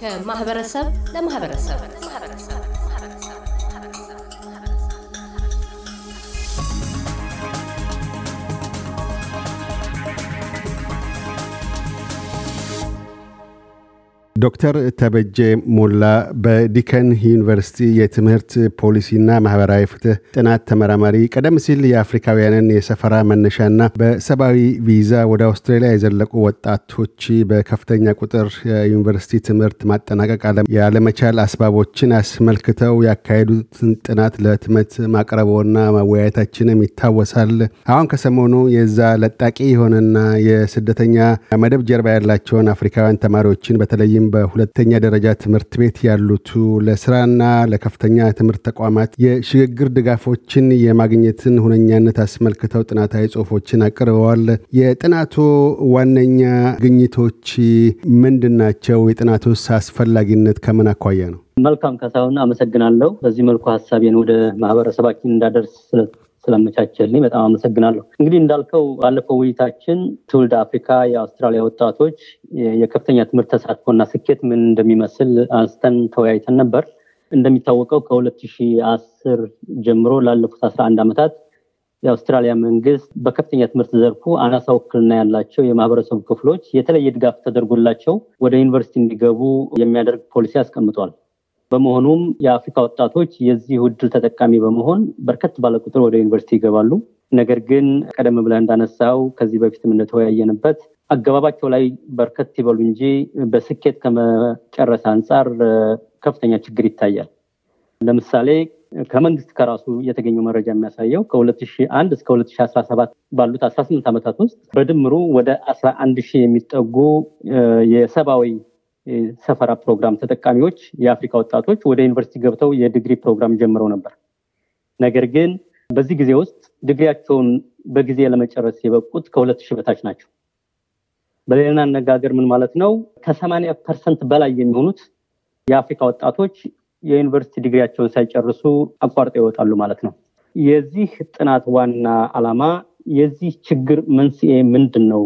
ከማህበረሰብ ለማህበረሰብ ዶክተር ተበጀ ሞላ በዲከን ዩኒቨርሲቲ የትምህርት ፖሊሲና ማህበራዊ ፍትህ ጥናት ተመራማሪ፣ ቀደም ሲል የአፍሪካውያንን የሰፈራ መነሻና በሰብአዊ ቪዛ ወደ አውስትራሊያ የዘለቁ ወጣቶች በከፍተኛ ቁጥር የዩኒቨርሲቲ ትምህርት ማጠናቀቅ ያለመቻል አስባቦችን አስመልክተው ያካሄዱትን ጥናት ለህትመት ማቅረቦና መወያየታችንም ይታወሳል። አሁን ከሰሞኑ የዛ ለጣቂ የሆነና የስደተኛ መደብ ጀርባ ያላቸውን አፍሪካውያን ተማሪዎችን በተለይም በሁለተኛ ደረጃ ትምህርት ቤት ያሉቱ ለስራና ለከፍተኛ ትምህርት ተቋማት የሽግግር ድጋፎችን የማግኘትን ሁነኛነት አስመልክተው ጥናታዊ ጽሁፎችን አቅርበዋል። የጥናቱ ዋነኛ ግኝቶች ምንድን ናቸው? የጥናቱስ አስፈላጊነት ከምን አኳያ ነው? መልካም ካሳሁን፣ አመሰግናለሁ። በዚህ መልኩ ሀሳቤን ወደ ማህበረሰባችን እንዳደርስ ስላመቻቸልኝ በጣም አመሰግናለሁ። እንግዲህ እንዳልከው ባለፈው ውይይታችን ትውልድ አፍሪካ የአውስትራሊያ ወጣቶች የከፍተኛ ትምህርት ተሳትፎና ስኬት ምን እንደሚመስል አንስተን ተወያይተን ነበር። እንደሚታወቀው ከ2010 ጀምሮ ላለፉት 11 ዓመታት የአውስትራሊያ መንግስት በከፍተኛ ትምህርት ዘርፉ አናሳ ውክልና ያላቸው የማህበረሰቡ ክፍሎች የተለየ ድጋፍ ተደርጎላቸው ወደ ዩኒቨርሲቲ እንዲገቡ የሚያደርግ ፖሊሲ አስቀምጧል። በመሆኑም የአፍሪካ ወጣቶች የዚህ ውድል ተጠቃሚ በመሆን በርከት ባለ ቁጥር ወደ ዩኒቨርሲቲ ይገባሉ። ነገር ግን ቀደም ብለህ እንዳነሳው ከዚህ በፊት እንደተወያየንበት አገባባቸው ላይ በርከት ይበሉ እንጂ በስኬት ከመጨረስ አንጻር ከፍተኛ ችግር ይታያል። ለምሳሌ ከመንግስት ከራሱ የተገኘው መረጃ የሚያሳየው ከ2001 እስከ 2017 ባሉት 18 ዓመታት ውስጥ በድምሩ ወደ 11 ሺህ የሚጠጉ የሰብአዊ ሰፈራ ፕሮግራም ተጠቃሚዎች የአፍሪካ ወጣቶች ወደ ዩኒቨርሲቲ ገብተው የድግሪ ፕሮግራም ጀምረው ነበር። ነገር ግን በዚህ ጊዜ ውስጥ ድግሪያቸውን በጊዜ ለመጨረስ የበቁት ከሁለት ሺህ በታች ናቸው። በሌላ አነጋገር ምን ማለት ነው? ከሰማኒያ ፐርሰንት በላይ የሚሆኑት የአፍሪካ ወጣቶች የዩኒቨርሲቲ ድግሪያቸውን ሳይጨርሱ አቋርጠው ይወጣሉ ማለት ነው። የዚህ ጥናት ዋና ዓላማ የዚህ ችግር መንስኤ ምንድን ነው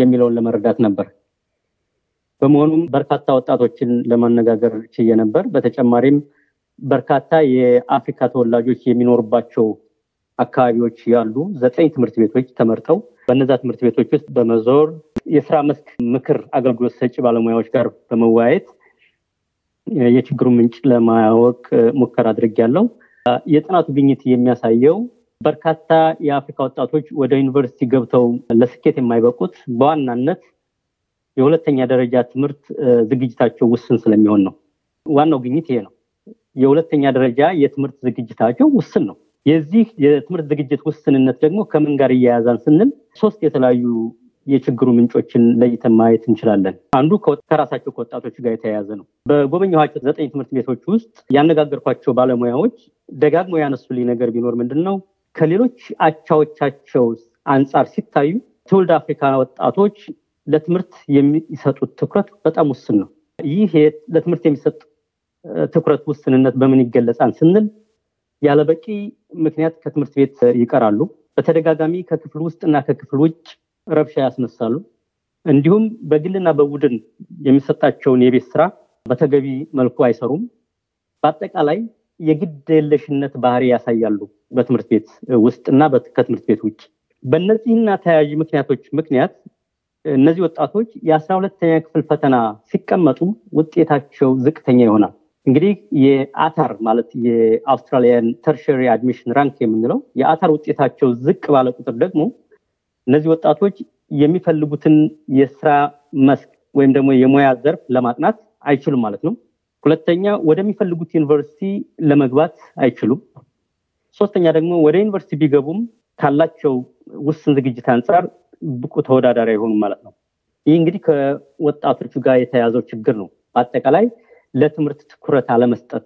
የሚለውን ለመረዳት ነበር። በመሆኑም በርካታ ወጣቶችን ለማነጋገር ችዬ ነበር። በተጨማሪም በርካታ የአፍሪካ ተወላጆች የሚኖሩባቸው አካባቢዎች ያሉ ዘጠኝ ትምህርት ቤቶች ተመርጠው በነዛ ትምህርት ቤቶች ውስጥ በመዞር የስራ መስክ ምክር አገልግሎት ሰጪ ባለሙያዎች ጋር በመወያየት የችግሩ ምንጭ ለማወቅ ሙከራ ያለው የጥናቱ ግኝት የሚያሳየው በርካታ የአፍሪካ ወጣቶች ወደ ዩኒቨርሲቲ ገብተው ለስኬት የማይበቁት በዋናነት የሁለተኛ ደረጃ ትምህርት ዝግጅታቸው ውስን ስለሚሆን ነው። ዋናው ግኝት ይሄ ነው። የሁለተኛ ደረጃ የትምህርት ዝግጅታቸው ውስን ነው። የዚህ የትምህርት ዝግጅት ውስንነት ደግሞ ከምን ጋር እያያዛን ስንል ሶስት የተለያዩ የችግሩ ምንጮችን ለይተን ማየት እንችላለን። አንዱ ከራሳቸው ከወጣቶች ጋር የተያያዘ ነው። በጎበኘኋቸው ዘጠኝ ትምህርት ቤቶች ውስጥ ያነጋገርኳቸው ባለሙያዎች ደጋግመው ያነሱልኝ ነገር ቢኖር ምንድን ነው ከሌሎች አቻዎቻቸው አንጻር ሲታዩ ትውልድ አፍሪካ ወጣቶች ለትምህርት የሚሰጡት ትኩረት በጣም ውስን ነው። ይህ ለትምህርት የሚሰጥ ትኩረት ውስንነት በምን ይገለጻል ስንል ያለበቂ ምክንያት ከትምህርት ቤት ይቀራሉ። በተደጋጋሚ ከክፍል ውስጥ እና ከክፍል ውጭ ረብሻ ያስነሳሉ። እንዲሁም በግልና በቡድን የሚሰጣቸውን የቤት ስራ በተገቢ መልኩ አይሰሩም። በአጠቃላይ የግድ የለሽነት ባህሪ ያሳያሉ በትምህርት ቤት ውስጥ እና ከትምህርት ቤት ውጭ። በእነዚህና ተያያዥ ምክንያቶች ምክንያት እነዚህ ወጣቶች የአስራ ሁለተኛ ክፍል ፈተና ሲቀመጡ ውጤታቸው ዝቅተኛ ይሆናል። እንግዲህ የአታር ማለት የአውስትራሊያን ተርሸሪ አድሚሽን ራንክ የምንለው የአታር ውጤታቸው ዝቅ ባለ ቁጥር ደግሞ እነዚህ ወጣቶች የሚፈልጉትን የስራ መስክ ወይም ደግሞ የሙያ ዘርፍ ለማጥናት አይችሉም ማለት ነው። ሁለተኛ ወደሚፈልጉት ዩኒቨርሲቲ ለመግባት አይችሉም። ሶስተኛ ደግሞ ወደ ዩኒቨርሲቲ ቢገቡም ካላቸው ውስን ዝግጅት አንጻር ብቁ ተወዳዳሪ አይሆኑም ማለት ነው። ይህ እንግዲህ ከወጣቶቹ ጋር የተያዘው ችግር ነው። በአጠቃላይ ለትምህርት ትኩረት አለመስጠት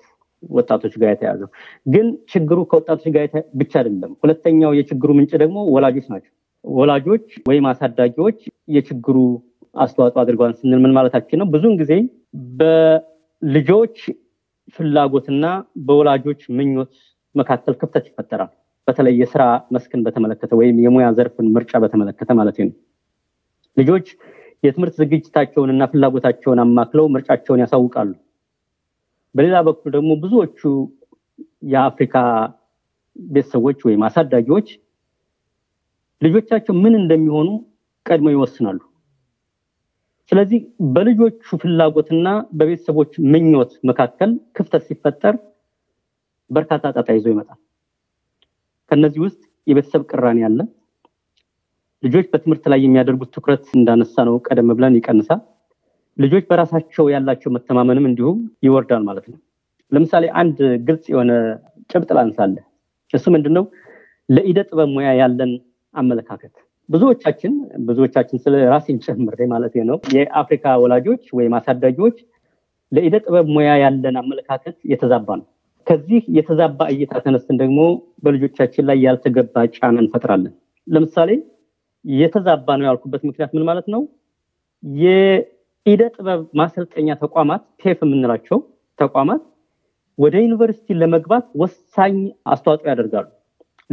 ወጣቶች ጋር የተያዘው ግን ችግሩ ከወጣቶች ጋር ብቻ አይደለም። ሁለተኛው የችግሩ ምንጭ ደግሞ ወላጆች ናቸው። ወላጆች ወይም አሳዳጊዎች የችግሩ አስተዋጽኦ አድርገዋል ስንል ምን ማለታችን ነው? ብዙውን ጊዜ በልጆች ፍላጎትና በወላጆች ምኞት መካከል ክፍተት ይፈጠራል። በተለይ የስራ መስክን በተመለከተ ወይም የሙያ ዘርፍን ምርጫ በተመለከተ ማለት ነው። ልጆች የትምህርት ዝግጅታቸውን እና ፍላጎታቸውን አማክለው ምርጫቸውን ያሳውቃሉ። በሌላ በኩል ደግሞ ብዙዎቹ የአፍሪካ ቤተሰቦች ወይም አሳዳጊዎች ልጆቻቸው ምን እንደሚሆኑ ቀድመው ይወስናሉ። ስለዚህ በልጆቹ ፍላጎትና በቤተሰቦች ምኞት መካከል ክፍተት ሲፈጠር በርካታ ጣጣ ይዞ ይመጣል። ከነዚህ ውስጥ የቤተሰብ ቅራኔ አለ። ልጆች በትምህርት ላይ የሚያደርጉት ትኩረት እንዳነሳ ነው ቀደም ብለን ይቀንሳል። ልጆች በራሳቸው ያላቸው መተማመንም እንዲሁም ይወርዳል ማለት ነው። ለምሳሌ አንድ ግልጽ የሆነ ጭብጥ ላንሳለ። እሱ ምንድነው ለኢደ ጥበብ ሙያ ያለን አመለካከት ብዙዎቻችን ብዙዎቻችን ስለ ራሴን ጨምሬ ማለት ነው የአፍሪካ ወላጆች ወይም አሳዳጊዎች ለኢደ ጥበብ ሙያ ያለን አመለካከት የተዛባ ነው። ከዚህ የተዛባ እይታ ተነስተን ደግሞ በልጆቻችን ላይ ያልተገባ ጫና እንፈጥራለን። ለምሳሌ የተዛባ ነው ያልኩበት ምክንያት ምን ማለት ነው? የኢደ ጥበብ ማሰልጠኛ ተቋማት ቴፍ የምንላቸው ተቋማት ወደ ዩኒቨርሲቲ ለመግባት ወሳኝ አስተዋጽኦ ያደርጋሉ።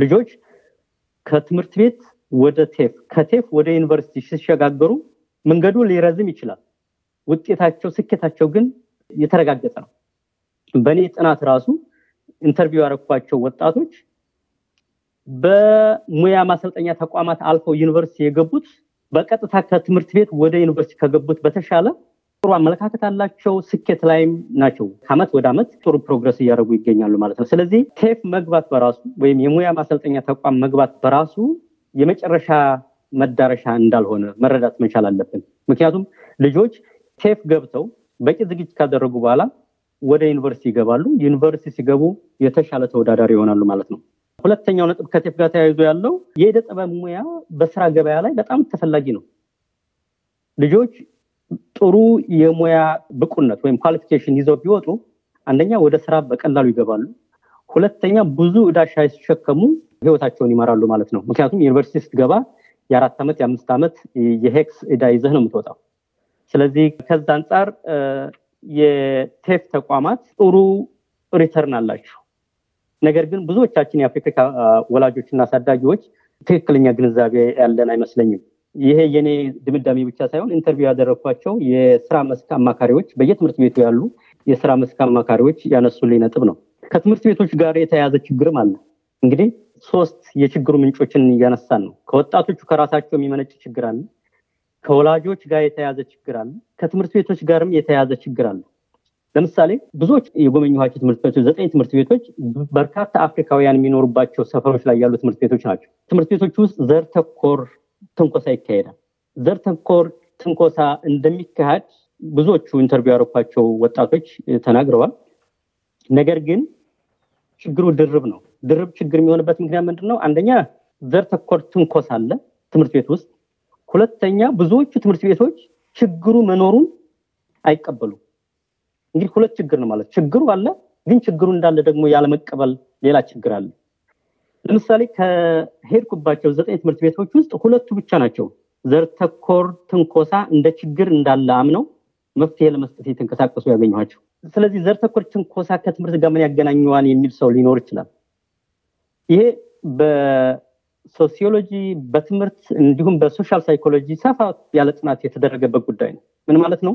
ልጆች ከትምህርት ቤት ወደ ቴፍ ከቴፍ ወደ ዩኒቨርሲቲ ሲሸጋገሩ መንገዱ ሊረዝም ይችላል። ውጤታቸው፣ ስኬታቸው ግን የተረጋገጠ ነው። በእኔ ጥናት ራሱ ኢንተርቪው ያደረኳቸው ወጣቶች በሙያ ማሰልጠኛ ተቋማት አልፈው ዩኒቨርሲቲ የገቡት በቀጥታ ከትምህርት ቤት ወደ ዩኒቨርሲቲ ከገቡት በተሻለ ጥሩ አመለካከት አላቸው። ስኬት ላይም ናቸው። ከአመት ወደ አመት ጥሩ ፕሮግረስ እያደረጉ ይገኛሉ ማለት ነው። ስለዚህ ቴፍ መግባት በራሱ ወይም የሙያ ማሰልጠኛ ተቋም መግባት በራሱ የመጨረሻ መዳረሻ እንዳልሆነ መረዳት መቻል አለብን። ምክንያቱም ልጆች ቴፍ ገብተው በቂ ዝግጅት ካደረጉ በኋላ ወደ ዩኒቨርሲቲ ይገባሉ። ዩኒቨርሲቲ ሲገቡ የተሻለ ተወዳዳሪ ይሆናሉ ማለት ነው። ሁለተኛው ነጥብ ከቴፍ ጋር ተያይዞ ያለው የእደ ጥበብ ሙያ በስራ ገበያ ላይ በጣም ተፈላጊ ነው። ልጆች ጥሩ የሙያ ብቁነት ወይም ኳሊፊኬሽን ይዘው ቢወጡ አንደኛ ወደ ስራ በቀላሉ ይገባሉ። ሁለተኛ ብዙ እዳ ሳይሸከሙ ህይወታቸውን ይመራሉ ማለት ነው። ምክንያቱም ዩኒቨርሲቲ ስትገባ የአራት ዓመት የአምስት ዓመት የሄክስ እዳ ይዘህ ነው የምትወጣው። ስለዚህ ከዛ አንጻር የቴፍ ተቋማት ጥሩ ሪተርን አላቸው። ነገር ግን ብዙዎቻችን የአፍሪካ ወላጆችና አሳዳጊዎች ትክክለኛ ግንዛቤ ያለን አይመስለኝም። ይሄ የኔ ድምዳሜ ብቻ ሳይሆን ኢንተርቪው ያደረግኳቸው የስራ መስክ አማካሪዎች፣ በየትምህርት ቤቱ ያሉ የስራ መስክ አማካሪዎች ያነሱልኝ ነጥብ ነው። ከትምህርት ቤቶች ጋር የተያያዘ ችግርም አለ። እንግዲህ ሶስት የችግሩ ምንጮችን እያነሳን ነው። ከወጣቶቹ ከራሳቸው የሚመነጭ ችግር አለ። ከወላጆች ጋር የተያዘ ችግር አለ። ከትምህርት ቤቶች ጋርም የተያዘ ችግር አለ። ለምሳሌ ብዙዎች የጎበኘኋቸው ትምህርት ቤቶች ዘጠኝ ትምህርት ቤቶች በርካታ አፍሪካውያን የሚኖሩባቸው ሰፈሮች ላይ ያሉ ትምህርት ቤቶች ናቸው። ትምህርት ቤቶች ውስጥ ዘር ተኮር ትንኮሳ ይካሄዳል። ዘር ተኮር ትንኮሳ እንደሚካሄድ ብዙዎቹ ኢንተርቪው ያደረኳቸው ወጣቶች ተናግረዋል። ነገር ግን ችግሩ ድርብ ነው። ድርብ ችግር የሚሆንበት ምክንያት ምንድን ነው? አንደኛ ዘር ተኮር ትንኮሳ አለ ትምህርት ቤት ውስጥ ሁለተኛ ብዙዎቹ ትምህርት ቤቶች ችግሩ መኖሩን አይቀበሉ እንግዲህ ሁለት ችግር ነው ማለት ችግሩ አለ፣ ግን ችግሩ እንዳለ ደግሞ ያለመቀበል ሌላ ችግር አለ። ለምሳሌ ከሄድኩባቸው ዘጠኝ ትምህርት ቤቶች ውስጥ ሁለቱ ብቻ ናቸው ዘርተኮር ትንኮሳ እንደ ችግር እንዳለ አምነው መፍትሄ ለመስጠት የተንቀሳቀሱ ያገኘኋቸው። ስለዚህ ዘርተኮር ትንኮሳ ከትምህርት ጋር ምን ያገናኘዋል የሚል ሰው ሊኖር ይችላል። ይሄ ሶሲዮሎጂ በትምህርት እንዲሁም በሶሻል ሳይኮሎጂ ሰፋ ያለ ጥናት የተደረገበት ጉዳይ ነው ምን ማለት ነው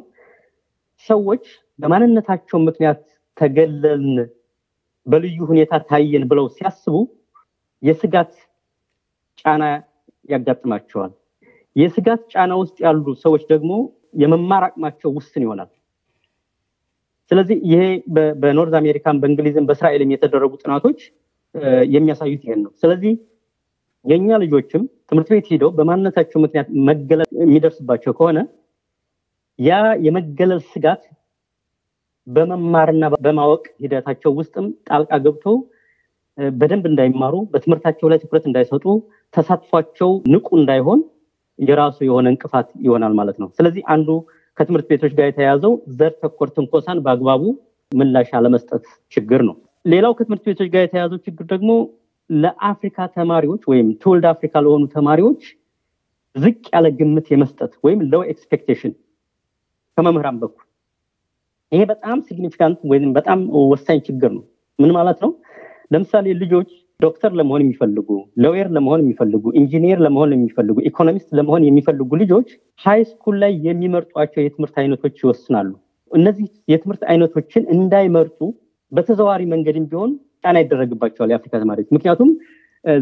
ሰዎች በማንነታቸው ምክንያት ተገለልን በልዩ ሁኔታ ታየን ብለው ሲያስቡ የስጋት ጫና ያጋጥማቸዋል የስጋት ጫና ውስጥ ያሉ ሰዎች ደግሞ የመማር አቅማቸው ውስን ይሆናል ስለዚህ ይሄ በኖርዝ አሜሪካን በእንግሊዝም በእስራኤልም የተደረጉ ጥናቶች የሚያሳዩት ይሄን ነው ስለዚህ የእኛ ልጆችም ትምህርት ቤት ሄደው በማንነታቸው ምክንያት መገለል የሚደርስባቸው ከሆነ ያ የመገለል ስጋት በመማርና በማወቅ ሂደታቸው ውስጥም ጣልቃ ገብቶ በደንብ እንዳይማሩ፣ በትምህርታቸው ላይ ትኩረት እንዳይሰጡ፣ ተሳትፏቸው ንቁ እንዳይሆን የራሱ የሆነ እንቅፋት ይሆናል ማለት ነው። ስለዚህ አንዱ ከትምህርት ቤቶች ጋር የተያያዘው ዘር ተኮር ትንኮሳን በአግባቡ ምላሽ አለመስጠት ችግር ነው። ሌላው ከትምህርት ቤቶች ጋር የተያያዘው ችግር ደግሞ ለአፍሪካ ተማሪዎች ወይም ትውልድ አፍሪካ ለሆኑ ተማሪዎች ዝቅ ያለ ግምት የመስጠት ወይም ሎ ኤክስፔክቴሽን ከመምህራን በኩል ይሄ በጣም ሲግኒፊካንት ወይም በጣም ወሳኝ ችግር ነው ምን ማለት ነው ለምሳሌ ልጆች ዶክተር ለመሆን የሚፈልጉ ሎየር ለመሆን የሚፈልጉ ኢንጂኒየር ለመሆን የሚፈልጉ ኢኮኖሚስት ለመሆን የሚፈልጉ ልጆች ሃይ ስኩል ላይ የሚመርጧቸው የትምህርት አይነቶች ይወስናሉ እነዚህ የትምህርት አይነቶችን እንዳይመርጡ በተዘዋሪ መንገድም ቢሆን ጫና ይደረግባቸዋል የአፍሪካ ተማሪዎች ምክንያቱም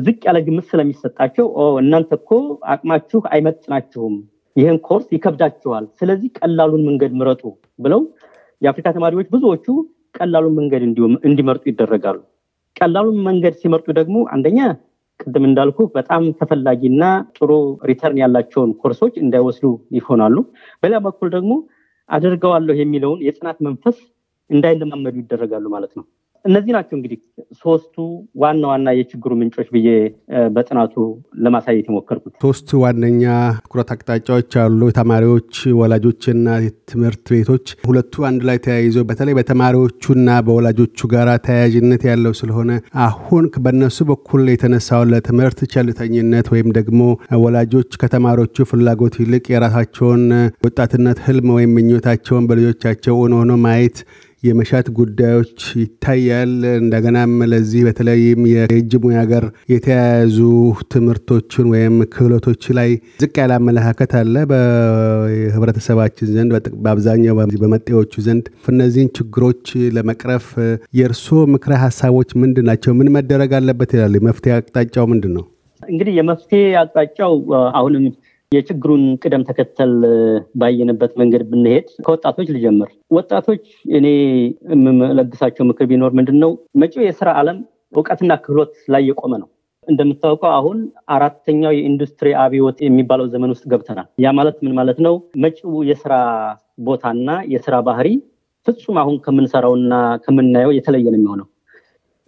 ዝቅ ያለ ግምት ስለሚሰጣቸው እናንተ እኮ አቅማችሁ አይመጥናችሁም ይህን ኮርስ ይከብዳችኋል ስለዚህ ቀላሉን መንገድ ምረጡ ብለው የአፍሪካ ተማሪዎች ብዙዎቹ ቀላሉን መንገድ እንዲመርጡ ይደረጋሉ ቀላሉን መንገድ ሲመርጡ ደግሞ አንደኛ ቅድም እንዳልኩ በጣም ተፈላጊና ጥሩ ሪተርን ያላቸውን ኮርሶች እንዳይወስዱ ይሆናሉ በሌላ በኩል ደግሞ አድርገዋለሁ የሚለውን የጽናት መንፈስ እንዳይለማመዱ ይደረጋሉ ማለት ነው እነዚህ ናቸው እንግዲህ ሶስቱ ዋና ዋና የችግሩ ምንጮች ብዬ በጥናቱ ለማሳየት የሞከርኩት። ሶስት ዋነኛ ትኩረት አቅጣጫዎች አሉ። ተማሪዎች፣ ወላጆችና ትምህርት ቤቶች። ሁለቱ አንድ ላይ ተያይዞ በተለይ በተማሪዎቹና በወላጆቹ ጋር ተያያዥነት ያለው ስለሆነ አሁን በእነሱ በኩል የተነሳው ለትምህርት ቸልተኝነት ወይም ደግሞ ወላጆች ከተማሪዎቹ ፍላጎት ይልቅ የራሳቸውን ወጣትነት ህልም ወይም ምኞታቸውን በልጆቻቸው ሆኖ ማየት የመሻት ጉዳዮች ይታያል። እንደገናም ለዚህ በተለይም የእጅ ሙያ ጋር የተያያዙ ትምህርቶችን ወይም ክህሎቶች ላይ ዝቅ ያለ አመለካከት አለ በህብረተሰባችን ዘንድ በአብዛኛው በመጤዎቹ ዘንድ። እነዚህን ችግሮች ለመቅረፍ የእርስዎ ምክረ ሀሳቦች ምንድን ናቸው? ምን መደረግ አለበት ይላሉ? የመፍትሄ አቅጣጫው ምንድን ነው? እንግዲህ የመፍትሄ አቅጣጫው አሁንም የችግሩን ቅደም ተከተል ባየንበት መንገድ ብንሄድ ከወጣቶች ልጀምር። ወጣቶች እኔ የምለግሳቸው ምክር ቢኖር ምንድን ነው መጪው የስራ ዓለም እውቀትና ክህሎት ላይ የቆመ ነው። እንደምታውቀው አሁን አራተኛው የኢንዱስትሪ አብዮት የሚባለው ዘመን ውስጥ ገብተናል። ያ ማለት ምን ማለት ነው? መጪው የስራ ቦታና የስራ ባህሪ ፍጹም አሁን ከምንሰራውና ከምናየው የተለየ ነው የሚሆነው።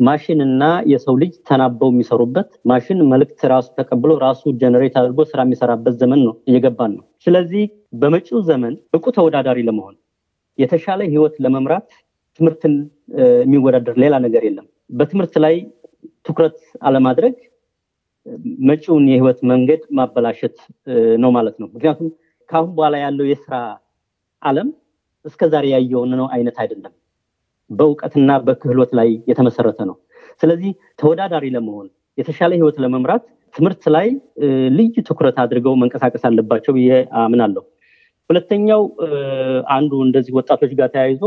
ማሽን እና የሰው ልጅ ተናበው የሚሰሩበት ማሽን መልእክት ራሱ ተቀብሎ ራሱ ጀነሬት አድርጎ ስራ የሚሰራበት ዘመን ነው እየገባን ነው። ስለዚህ በመጪው ዘመን እቁ ተወዳዳሪ ለመሆን የተሻለ ህይወት ለመምራት ትምህርትን የሚወዳደር ሌላ ነገር የለም። በትምህርት ላይ ትኩረት አለማድረግ መጪውን የህይወት መንገድ ማበላሸት ነው ማለት ነው። ምክንያቱም ከአሁን በኋላ ያለው የስራ አለም እስከዛሬ ያየውን ነው አይነት አይደለም። በእውቀትና በክህሎት ላይ የተመሰረተ ነው። ስለዚህ ተወዳዳሪ ለመሆን የተሻለ ህይወት ለመምራት ትምህርት ላይ ልዩ ትኩረት አድርገው መንቀሳቀስ አለባቸው ብዬ አምናለሁ። ሁለተኛው አንዱ እንደዚህ ወጣቶች ጋር ተያይዞ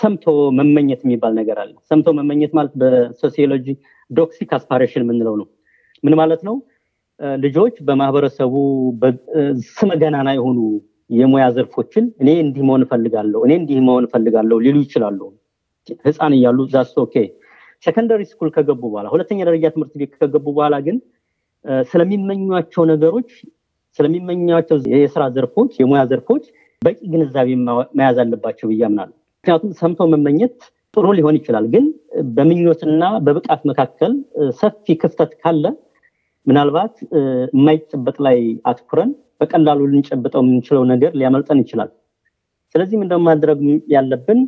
ሰምቶ መመኘት የሚባል ነገር አለ። ሰምቶ መመኘት ማለት በሶሲዮሎጂ ዶክሲክ አስፓሬሽን የምንለው ነው። ምን ማለት ነው? ልጆች በማህበረሰቡ ስመገናና የሆኑ የሙያ ዘርፎችን እኔ እንዲህ መሆን እፈልጋለሁ፣ እኔ እንዲህ መሆን እፈልጋለሁ ሊሉ ይችላሉ። ህፃን እያሉ ዛስ ኦኬ ሴከንደሪ ስኩል ከገቡ በኋላ ሁለተኛ ደረጃ ትምህርት ቤት ከገቡ በኋላ ግን ስለሚመኟቸው ነገሮች ስለሚመኟቸው የስራ ዘርፎች የሙያ ዘርፎች በቂ ግንዛቤ መያዝ አለባቸው ብዬ አምናለሁ ምክንያቱም ሰምቶ መመኘት ጥሩ ሊሆን ይችላል ግን በምኞትና በብቃት መካከል ሰፊ ክፍተት ካለ ምናልባት የማይጨበጥ ላይ አትኩረን በቀላሉ ልንጨብጠው የምንችለው ነገር ሊያመልጠን ይችላል ስለዚህ ምንደ ማድረግ ያለብን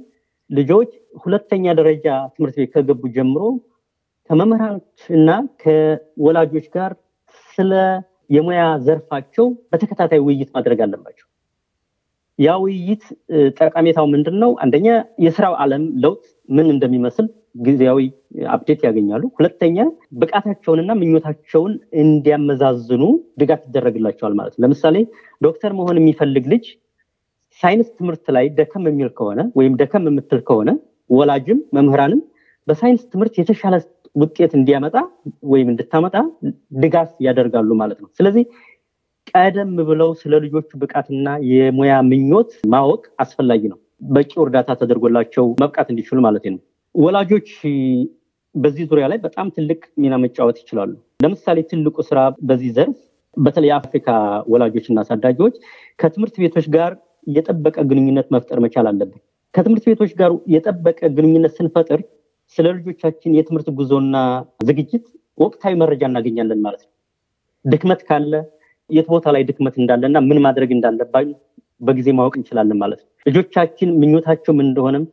ልጆች ሁለተኛ ደረጃ ትምህርት ቤት ከገቡ ጀምሮ ከመምህራኖች እና ከወላጆች ጋር ስለ የሙያ ዘርፋቸው በተከታታይ ውይይት ማድረግ አለባቸው። ያ ውይይት ጠቀሜታው ምንድን ነው? አንደኛ የስራው አለም ለውጥ ምን እንደሚመስል ጊዜያዊ አፕዴት ያገኛሉ። ሁለተኛ ብቃታቸውንና ምኞታቸውን እንዲያመዛዝኑ ድጋፍ ይደረግላቸዋል ማለት ነው። ለምሳሌ ዶክተር መሆን የሚፈልግ ልጅ ሳይንስ ትምህርት ላይ ደከም የሚል ከሆነ ወይም ደከም የምትል ከሆነ ወላጅም መምህራንም በሳይንስ ትምህርት የተሻለ ውጤት እንዲያመጣ ወይም እንድታመጣ ድጋፍ ያደርጋሉ ማለት ነው። ስለዚህ ቀደም ብለው ስለ ልጆቹ ብቃትና የሙያ ምኞት ማወቅ አስፈላጊ ነው። በቂ እርዳታ ተደርጎላቸው መብቃት እንዲችሉ ማለት ነው። ወላጆች በዚህ ዙሪያ ላይ በጣም ትልቅ ሚና መጫወት ይችላሉ። ለምሳሌ ትልቁ ስራ በዚህ ዘርፍ በተለይ የአፍሪካ ወላጆች እና አሳዳጊዎች ከትምህርት ቤቶች ጋር የጠበቀ ግንኙነት መፍጠር መቻል አለብን። ከትምህርት ቤቶች ጋር የጠበቀ ግንኙነት ስንፈጥር ስለ ልጆቻችን የትምህርት ጉዞና ዝግጅት ወቅታዊ መረጃ እናገኛለን ማለት ነው። ድክመት ካለ የት ቦታ ላይ ድክመት እንዳለና ምን ማድረግ እንዳለባ በጊዜ ማወቅ እንችላለን ማለት ነው። ልጆቻችን ምኞታቸው ምን እንደሆነም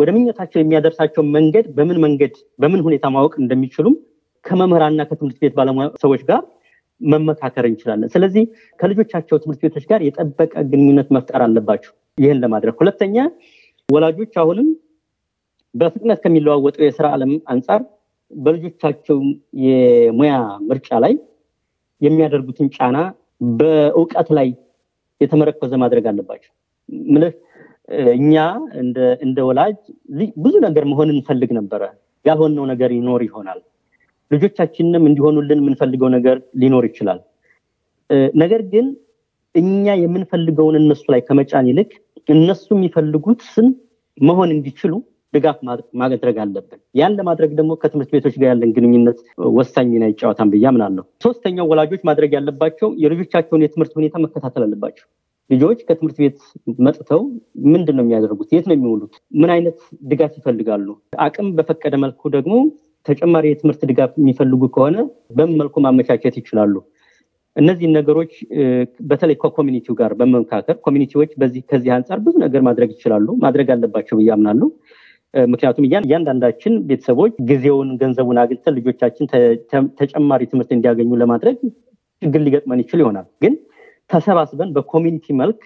ወደ ምኞታቸው የሚያደርሳቸው መንገድ በምን መንገድ በምን ሁኔታ ማወቅ እንደሚችሉም ከመምህራንና ከትምህርት ቤት ባለሙያ ሰዎች ጋር መመካከር እንችላለን። ስለዚህ ከልጆቻቸው ትምህርት ቤቶች ጋር የጠበቀ ግንኙነት መፍጠር አለባቸው ይህን ለማድረግ። ሁለተኛ ወላጆች አሁንም በፍጥነት ከሚለዋወጠው የስራ ዓለም አንጻር በልጆቻቸው የሙያ ምርጫ ላይ የሚያደርጉትን ጫና በእውቀት ላይ የተመረኮዘ ማድረግ አለባቸው። ምልህ እኛ እንደ ወላጅ ብዙ ነገር መሆን እንፈልግ ነበረ። ያልሆነው ነገር ይኖር ይሆናል ልጆቻችንም እንዲሆኑልን የምንፈልገው ነገር ሊኖር ይችላል። ነገር ግን እኛ የምንፈልገውን እነሱ ላይ ከመጫን ይልቅ እነሱ ስን መሆን እንዲችሉ ድጋፍ ማድረግ አለብን። ያን ለማድረግ ደግሞ ከትምህርት ቤቶች ጋር ያለን ግንኙነት ወሳኝ ሚና ይጫወታል ብዬ አምናለሁ። ሶስተኛው ወላጆች ማድረግ ያለባቸው የልጆቻቸውን የትምህርት ሁኔታ መከታተል አለባቸው። ልጆች ከትምህርት ቤት መጥተው ምንድን ነው የሚያደርጉት? የት ነው የሚውሉት? ምን አይነት ድጋፍ ይፈልጋሉ? አቅም በፈቀደ መልኩ ደግሞ ተጨማሪ የትምህርት ድጋፍ የሚፈልጉ ከሆነ በምን መልኩ ማመቻቸት ይችላሉ? እነዚህን ነገሮች በተለይ ከኮሚኒቲው ጋር በመመካከል ኮሚኒቲዎች በዚህ ከዚህ አንጻር ብዙ ነገር ማድረግ ይችላሉ፣ ማድረግ አለባቸው ብዬ አምናለሁ። ምክንያቱም እያንዳንዳችን ቤተሰቦች ጊዜውን፣ ገንዘቡን አግኝተን ልጆቻችን ተጨማሪ ትምህርት እንዲያገኙ ለማድረግ ችግር ሊገጥመን ይችል ይሆናል። ግን ተሰባስበን በኮሚኒቲ መልክ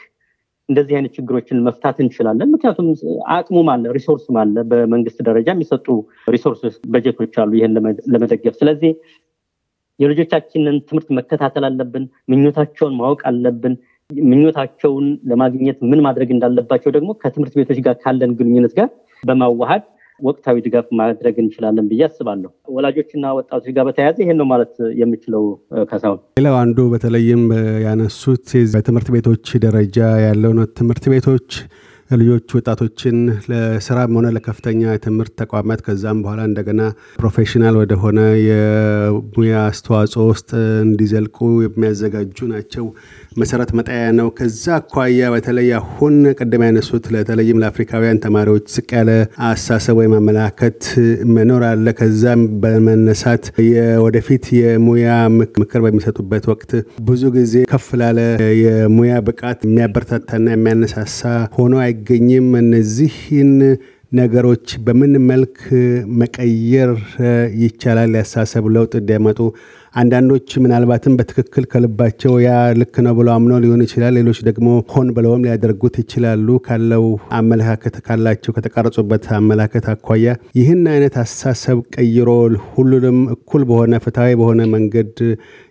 እንደዚህ አይነት ችግሮችን መፍታት እንችላለን። ምክንያቱም አቅሙም አለ፣ ሪሶርስም አለ። በመንግስት ደረጃ የሚሰጡ ሪሶርስ በጀቶች አሉ ይህን ለመደገፍ። ስለዚህ የልጆቻችንን ትምህርት መከታተል አለብን። ምኞታቸውን ማወቅ አለብን። ምኞታቸውን ለማግኘት ምን ማድረግ እንዳለባቸው ደግሞ ከትምህርት ቤቶች ጋር ካለን ግንኙነት ጋር በማዋሃድ ወቅታዊ ድጋፍ ማድረግ እንችላለን ብዬ አስባለሁ። ወላጆችና ወጣቶች ጋር በተያያዘ ይሄን ነው ማለት የምችለው። ከሳሁን ሌላው አንዱ በተለይም ያነሱት በትምህርት ቤቶች ደረጃ ያለው ነው። ትምህርት ቤቶች ልጆች ወጣቶችን ለስራም ሆነ ለከፍተኛ የትምህርት ተቋማት ከዛም በኋላ እንደገና ፕሮፌሽናል ወደሆነ የሙያ አስተዋጽኦ ውስጥ እንዲዘልቁ የሚያዘጋጁ ናቸው። መሰረት መጣያ ነው። ከዛ አኳያ በተለይ አሁን ቀደም ያነሱት ለተለይም ለአፍሪካውያን ተማሪዎች ዝቅ ያለ አሳሰብ ወይም አመላከት መኖር አለ። ከዛም በመነሳት ወደፊት የሙያ ምክር በሚሰጡበት ወቅት ብዙ ጊዜ ከፍ ላለ የሙያ ብቃት የሚያበረታታና የሚያነሳሳ ሆኖ አይገኝም። እነዚህን ነገሮች በምን መልክ መቀየር ይቻላል? ያሳሰብ ለውጥ እንዲያመጡ አንዳንዶች ምናልባትም በትክክል ከልባቸው ያ ልክ ነው ብለው አምነው ሊሆን ይችላል። ሌሎች ደግሞ ሆን ብለውም ሊያደርጉት ይችላሉ። ካለው አመለካከት ካላቸው ከተቀረጹበት አመለካከት አኳያ ይህን አይነት አስተሳሰብ ቀይሮ ሁሉንም እኩል በሆነ ፍትሐዊ በሆነ መንገድ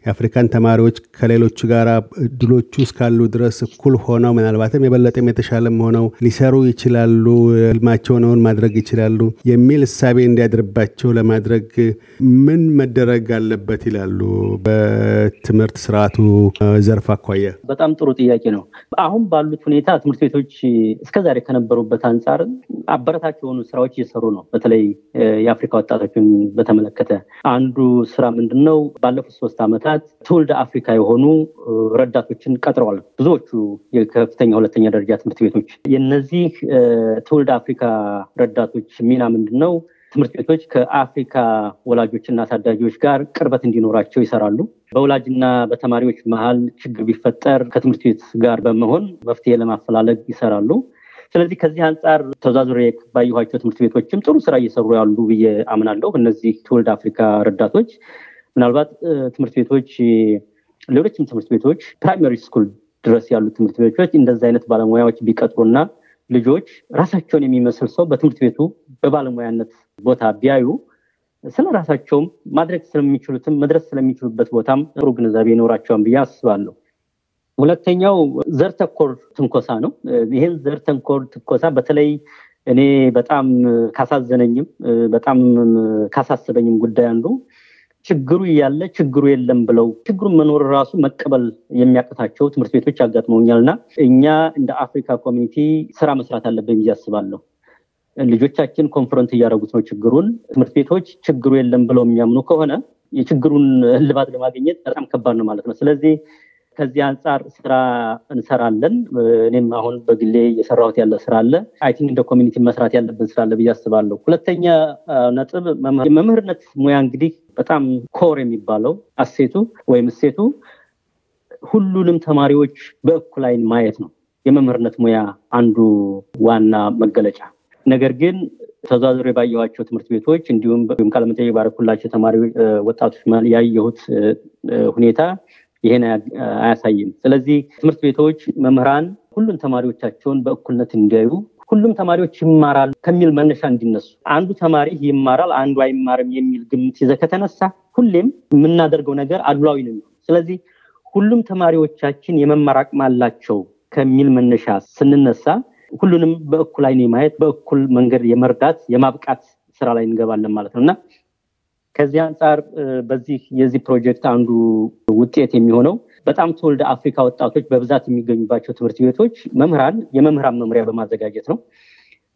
የአፍሪካን ተማሪዎች ከሌሎቹ ጋር እድሎቹ እስካሉ ድረስ እኩል ሆነው ምናልባትም የበለጠም የተሻለም ሆነው ሊሰሩ ይችላሉ፣ ህልማቸውን እውን ማድረግ ይችላሉ የሚል እሳቤ እንዲያድርባቸው ለማድረግ ምን መደረግ አለበት ይላል። ይችላሉ በትምህርት ስርዓቱ ዘርፍ አኳያ? በጣም ጥሩ ጥያቄ ነው። አሁን ባሉት ሁኔታ ትምህርት ቤቶች እስከዛሬ ከነበሩበት አንጻር አበረታች የሆኑ ስራዎች እየሰሩ ነው። በተለይ የአፍሪካ ወጣቶችን በተመለከተ አንዱ ስራ ምንድን ነው? ባለፉት ሶስት ዓመታት ትውልደ አፍሪካ የሆኑ ረዳቶችን ቀጥረዋል። ብዙዎቹ የከፍተኛ ሁለተኛ ደረጃ ትምህርት ቤቶች የነዚህ ትውልደ አፍሪካ ረዳቶች ሚና ምንድን ነው? ትምህርት ቤቶች ከአፍሪካ ወላጆችና አሳዳጊዎች ጋር ቅርበት እንዲኖራቸው ይሰራሉ። በወላጅና በተማሪዎች መሀል ችግር ቢፈጠር ከትምህርት ቤት ጋር በመሆን መፍትሄ ለማፈላለግ ይሰራሉ። ስለዚህ ከዚህ አንጻር ተወዛዝሬ ባየኋቸው ትምህርት ቤቶችም ጥሩ ስራ እየሰሩ ያሉ ብዬ አምናለሁ። እነዚህ ትውልድ አፍሪካ ረዳቶች ምናልባት ትምህርት ቤቶች ሌሎችም ትምህርት ቤቶች ፕራይመሪ ስኩል ድረስ ያሉ ትምህርት ቤቶች እንደዚህ አይነት ባለሙያዎች ቢቀጥሩና ልጆች ራሳቸውን የሚመስል ሰው በትምህርት ቤቱ በባለሙያነት ቦታ ቢያዩ ስለ ራሳቸውም ማድረግ ስለሚችሉትም መድረስ ስለሚችሉበት ቦታም ጥሩ ግንዛቤ ይኖራቸዋል ብዬ አስባለሁ። ሁለተኛው ዘር ተኮር ትንኮሳ ነው። ይህን ዘር ተኮር ትንኮሳ በተለይ እኔ በጣም ካሳዘነኝም በጣም ካሳሰበኝም ጉዳይ አንዱ ችግሩ እያለ ችግሩ የለም ብለው ችግሩን መኖር ራሱ መቀበል የሚያቅታቸው ትምህርት ቤቶች አጋጥመውኛል እና እኛ እንደ አፍሪካ ኮሚኒቲ ስራ መስራት አለብን ብዬ አስባለሁ። ልጆቻችን ኮንፍረንት እያደረጉት ነው ችግሩን። ትምህርት ቤቶች ችግሩ የለም ብለው የሚያምኑ ከሆነ የችግሩን እልባት ለማግኘት በጣም ከባድ ነው ማለት ነው። ስለዚህ ከዚህ አንጻር ስራ እንሰራለን። እኔም አሁን በግሌ እየሰራሁት ያለ ስራ አለ። አይ ቲንክ እንደ ኮሚኒቲ መስራት ያለብን ስራ አለ ብዬ አስባለሁ። ሁለተኛ ነጥብ መምህርነት ሙያ እንግዲህ በጣም ኮር የሚባለው አሴቱ ወይም እሴቱ ሁሉንም ተማሪዎች በእኩል ዓይን ማየት ነው። የመምህርነት ሙያ አንዱ ዋና መገለጫ ነገር ግን ተዛዝሮ የባየኋቸው ትምህርት ቤቶች እንዲሁም ቃለመጠየቅ ባደረኩላቸው ተማሪ ወጣቶች ያየሁት ሁኔታ ይሄን አያሳይም። ስለዚህ ትምህርት ቤቶች መምህራን ሁሉም ተማሪዎቻቸውን በእኩልነት እንዲያዩ ሁሉም ተማሪዎች ይማራሉ ከሚል መነሻ እንዲነሱ አንዱ ተማሪ ይማራል አንዱ አይማርም የሚል ግምት ይዘ ከተነሳ ሁሌም የምናደርገው ነገር አድሏዊ ነው። ስለዚህ ሁሉም ተማሪዎቻችን የመማር አቅም አላቸው ከሚል መነሻ ስንነሳ ሁሉንም በእኩል አይን ማየት በእኩል መንገድ የመርዳት የማብቃት ስራ ላይ እንገባለን ማለት ነው እና ከዚህ አንጻር በዚህ የዚህ ፕሮጀክት አንዱ ውጤት የሚሆነው በጣም ትውልደ አፍሪካ ወጣቶች በብዛት የሚገኙባቸው ትምህርት ቤቶች መምህራን የመምህራን መምሪያ በማዘጋጀት ነው።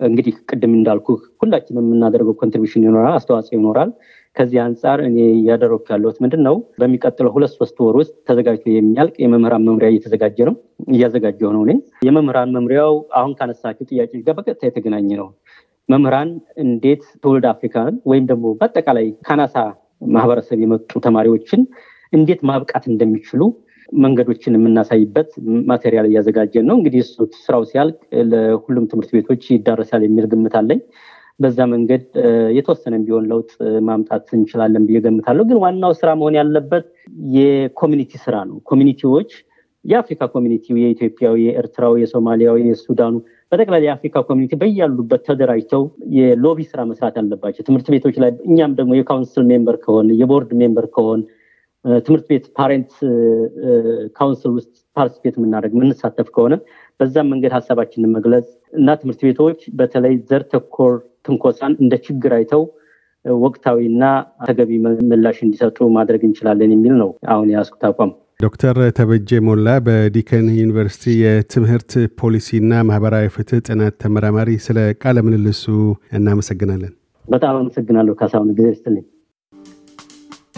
እንግዲህ ቅድም እንዳልኩ ሁላችንም የምናደርገው ኮንትሪቢሽን ይኖራል፣ አስተዋጽኦ ይኖራል። ከዚህ አንጻር እኔ እያደረኩ ያለሁት ምንድን ነው፣ በሚቀጥለው ሁለት ሶስት ወር ውስጥ ተዘጋጅቶ የሚያልቅ የመምህራን መምሪያ እየተዘጋጀ ነው እያዘጋጀው ነው። እኔ የመምህራን መምሪያው አሁን ካነሳችው ጥያቄዎች ጋር በቀጥታ የተገናኘ ነው። መምህራን እንዴት ትውልድ አፍሪካን ወይም ደግሞ በአጠቃላይ ካናሳ ማህበረሰብ የመጡ ተማሪዎችን እንዴት ማብቃት እንደሚችሉ መንገዶችን የምናሳይበት ማቴሪያል እያዘጋጀን ነው። እንግዲህ እሱ ስራው ሲያልቅ ለሁሉም ትምህርት ቤቶች ይዳረሳል የሚል ግምት አለኝ። በዛ መንገድ የተወሰነም ቢሆን ለውጥ ማምጣት እንችላለን ብዬ ገምታለሁ። ግን ዋናው ስራ መሆን ያለበት የኮሚኒቲ ስራ ነው። ኮሚኒቲዎች የአፍሪካ ኮሚኒቲ የኢትዮጵያዊ የኤርትራዊ፣ የሶማሊያዊ፣ የሱዳኑ በጠቅላላ የአፍሪካ ኮሚኒቲ በያሉበት ተደራጅተው የሎቢ ስራ መስራት ያለባቸው ትምህርት ቤቶች ላይ እኛም ደግሞ የካውንስል ሜምበር ከሆን የቦርድ ሜምበር ከሆን ትምህርት ቤት ፓሬንት ካውንስል ውስጥ ፓርቲስፔት የምናደርግ የምንሳተፍ ከሆነ በዛም መንገድ ሀሳባችንን መግለጽ እና ትምህርት ቤቶች በተለይ ዘር ተኮር ትንኮሳን እንደ ችግር አይተው ወቅታዊና ተገቢ ምላሽ እንዲሰጡ ማድረግ እንችላለን የሚል ነው አሁን የያዝኩት አቋም። ዶክተር ተበጀ ሞላ በዲከን ዩኒቨርሲቲ የትምህርት ፖሊሲና ማህበራዊ ፍትህ ጥናት ተመራማሪ፣ ስለ ቃለ ምልልሱ እናመሰግናለን። በጣም አመሰግናለሁ ካሳሁን፣ ጊዜ ስትልኝ